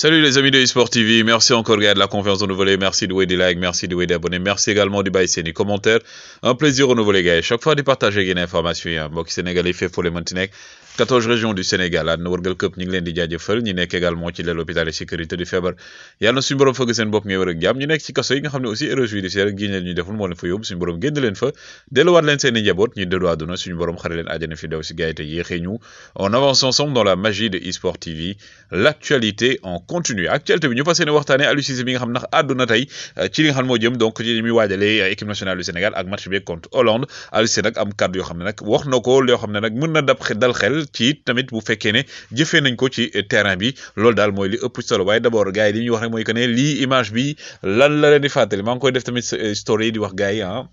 Salut les amis de eSport TV, merci encore gars de la confiance de nous les merci de des likes, merci de abonner, merci également de baisser les commentaires. Un plaisir au nous les gars, chaque fois de partager une information, hein. mbokk sénégalais fait pour les mantinek 14 régions du Sénégal àdduna wërgal Cup, ñu ngi leen di jaajëfal ñi nekk également ci l'hôpital hôpital et sécurité du feebar Il na suñu borom fëgg seen bopp ngeen wér ak jàmm ñu nekk ci kaso yi nga xam aussi erreur judiciaire gi ñu deful moo leen fa yóbbu suñu borom génn leen fa delluwaat leen seen i njaboot ñu dellu àdduna suñu borom xare leen àjjana fi de si gaay te ñu on avance ensemble dans la magie de eSport TV l'actualité en continuer actualité bi ñu fas yéene waxtaane Aliou Cissé mi nga xam ndax àdduna tey euh, ci li nga xam moo jëm donc ci li muy waajalee euh, équipe nationale du Sénégal ak match bi contre Hollande Aliou Cissé nag am kàddu yoo xam ne nag wax na ko yoo xam ne nag mën na dab dal xel ci tamit bu fekkee ne jëfe nañ ko ci terrain bi loolu daal mooy li ëpp solo waaye d'abord gars yi li ñuy wax rek mooy que ne lii image bi lan la leen di fàttali maa ngi koy def tamit euh, yi di wax gars yi ah.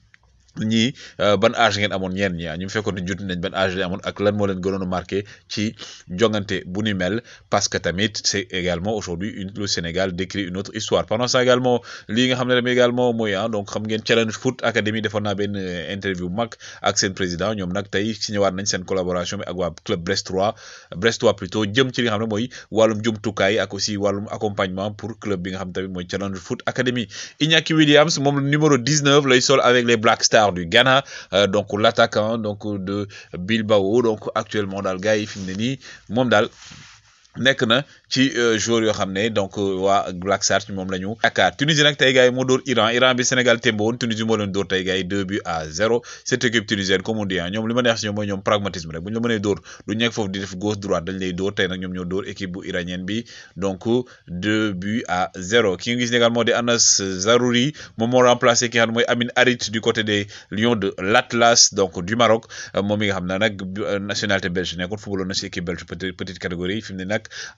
Ni, euh, ban âge ngeen amoon ñeen ñi ñu fekkoon ne nañ ban âge la amoon ak lan moo leen gënoon a marqué ci jongante bu mel parce que tamit c'est également aujourd'hui une le Sénégal décrit une autre histoire pendant ça également li nga également mooy ah, donc xam ngeen challenge foot Academy defoon naa benn euh, interview mag ak seen président ñoom nag tey waat nañ seen collaboration bi ak waa club brest 3 plutôt jëm ci li nga xam ne mooy wàllum jumtukaay ak aussi wàllum accompagnement pour club bi nga xam tamit mooy challenge foot académie Iñaki Williams moom numéro 19 lay sol avec les Black Stars du Ghana euh, donc l'attaquant donc de Bilbao donc actuellement dans le Mondal qui na ci euh, jour donc euh, Black mom lañu Tunisie Iran Iran Sénégal Tembo, Tunisie mo leen buts à 0 cette équipe tunisienne comme on dit hein, ñom lima neex si pragmatisme rek gauche droite dañ lay équipe iranienne donc 2 buts à 0 ki également Anas Zarouri remplacé ki Amin Harit du côté des Lions de l'Atlas donc du Maroc euh, nationalité belge petite catégorie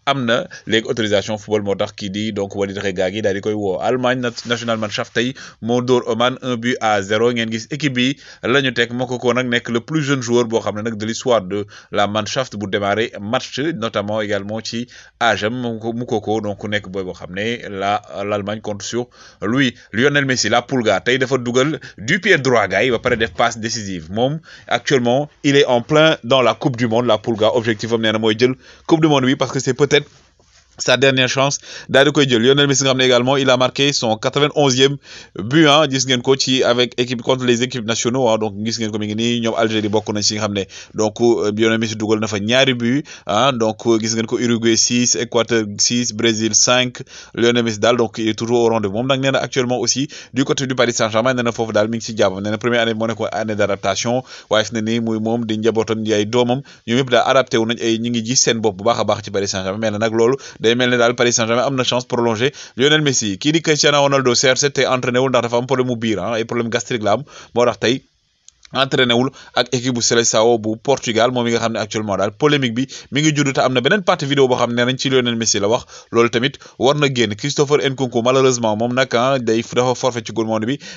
amna les football motax qui dit donc Walid Rega qui di koy woo Allemagne national tay mo Oman un but à zéro ngeen gis équipe bi Tech tek teg Mokoko nak le plus jeune joueur de l'histoire de la Mannschaft bu démarrer match notamment également ci âge Mokoko donc on boy que la l'Allemagne compte sur lui Lionel Messi la Pulga tay dafa dougal du pied droit gars va ba des passes décisives décisive actuellement il est en plein dans la coupe du monde la Pulga objectif am nee jël coupe du monde bi parce que c'est peut-être sa dernière chance daal di jël Lionel Messi nga également il a marqué son 91e but hein gis ngeen ko avec équipe contre les équipes nationaux hein donc gis ngeen ko mi ngi nii Algérie bokku nañ ci nga xamné donc euh, Lionel Messi dugal na fa ñaari but hein donc euh, gis ngeen ko Uruguay six Équateur six Brésil cinq Lionel Messi daal donc il est toujours au rendez-vous mom nak néna actuellement aussi du côté du Paris Saint-Germain néna fofu dal mi ngi ci jàmm néna première année année d'adaptation waaye fi ne nii muy moom di njabootam ay doomam ñoom adapté wu nañ ay ñi ngi gis seen bop bu baax a baax ci Paris Saint-Germain mais nak lolu day mel Paris Saint-Germain a une chance prolongée Lionel Messi qui dit Cristiano Ronaldo CR7 entraîné wul ndax dafa am problème le biir et ah, ay problème gastrique la am tax entraîné wul ak équipe bu Seleção bu Portugal moom mi nga xam ne actuellement daal polémique bi mi ngi judd te am na beneen partie vidéo boo xam ne nañ war na génn Christopher Nkunku malheureusement moom nag ah,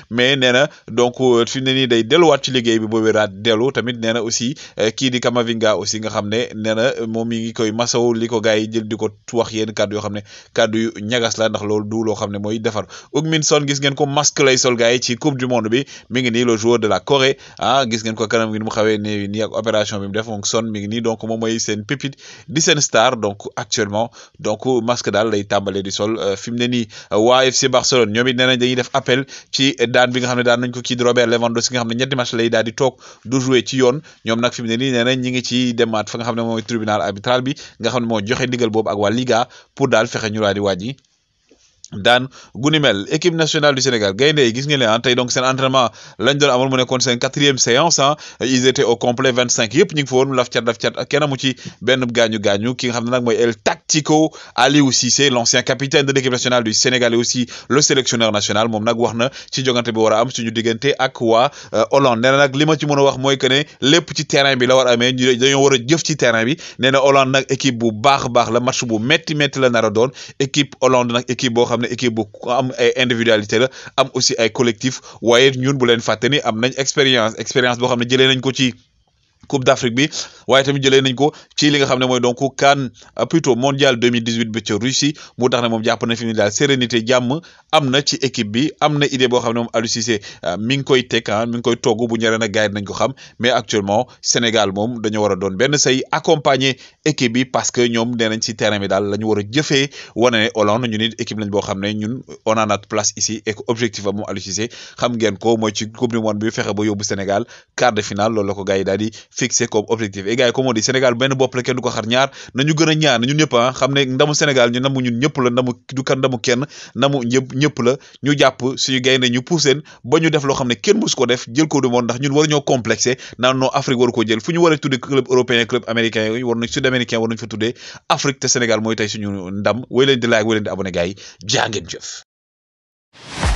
mais nee na donc euh, fi mu ne nii ci liggéey bi ba wéraat dellu tamit nee na aussi euh, kii di Camavinga aussi nga xam ne nee na moom mi ngi koy masaw li ko gars yi jël di ko wax yenn kàddu yoo xam ne kàddu yu ñagas la ndax loolu du loo xam ne mooy defar Ougminson gis ngeen ko masque lay sol gars yi ci Coupe du monde bi mi ngi nii le joueur de la Corée ah gis ngeen ko kanam ngi ni mu xawee néewi nii ak opération bi mu def moom son mi ngi nii donc moom mooy seen pépite di seen star donc actuellement donc masque daal lay tàmbalee di sol euh, fi mu ne nii waa FC Barcelone ñoom it nee nañ dañuy def ci daan bi nga xam ne daan nañ ko kii di Robert ne ñetti match lay daal di toog du jouer ci mu nii nee nañ ngi ci demaat fa nga xam ne mooy tribunal arbitral bi nga xam ne moo joxe ndigal boobu ak waa Liga pour daal fexe ñu daal di Dan guni mel équipe nationale du Sénégal gaynde yi gis ngeen ne ah donc sen entraînement lañ doon amul mu nekkoon 4 quatrième séance hein ils étaient au complet 25. yep yëpp ñu ngi fa woon laf cat laf ciat kenn amu ci benn gañu gañu ki nga xam nag mooy El Tactico Aliou Cissé l'ancien capitaine de l'équipe nationale du Sénégal et aussi le sélectionneur national moom nag wax na ci jogante bi war a am suñu diggante ak waa euh, Hollande nee na nag li ma ci mën a wax mooy que ne lépp ci terrain bi la war amee ñu dañoo war a jëf ci terrain bi nee na Hollande nag équipe bu baax le baax la match bu métti métti la nar a doon équipe Hollande nag équipe boo xam ne équipe bu am ay individualité la am aussi ay collectif waaye ñun bu leen fàtte ni am nañ expérience expérience boo xam ne jëlee nañ ko ci coupe d'Afrique bi waye tamit jëlé nañ ko ci li nga xamné moy donc kan plutôt mondial 2018 bi ci Russie mu tax ne moom jàpp na fi mu ne sérénité jamm amna ci équipe bi amna idée bo xamné mom moom Cissé euh, mi ngi koy teg ah, mi ngi koy togg bu ñoree nag gars nañ ko xam mais actuellement Sénégal mom dañu wara doon benn say accompagner équipe bi parce que ñom nee nañ si terrain bi dal lañu wara jëfé a Hollande ñu it équipe lañ bo xamné ñun on a notre place ici et que objectif mom moom Cissé xam ngeen ko moy ci coupe du monde bi fexé ba yóbbu Sénégal quart de finale loolu la ko gaay dal di. fixé comme objectif et gars yi comme on dit Sénégal benn bopp la kenn du ko xar ñaar nañu gën a ñaar ñun ah, ñu ndamu ñëpp la ndamu ñëpp ñëpp la ñu jàpp suñu gaynde ñu pousseen ba ñu def loo xam ne kenn musu ko def jël ko du monde ndax ñun war ñoo complexé naan non Afrique waru ko jël fu ñu war a tuddee club européen club américain war nañ sud américain war nañ fa tuddee Afrique te Sénégal mooy tey suñu ndam way leen di like way leen di abonné gars yi jaa ngeen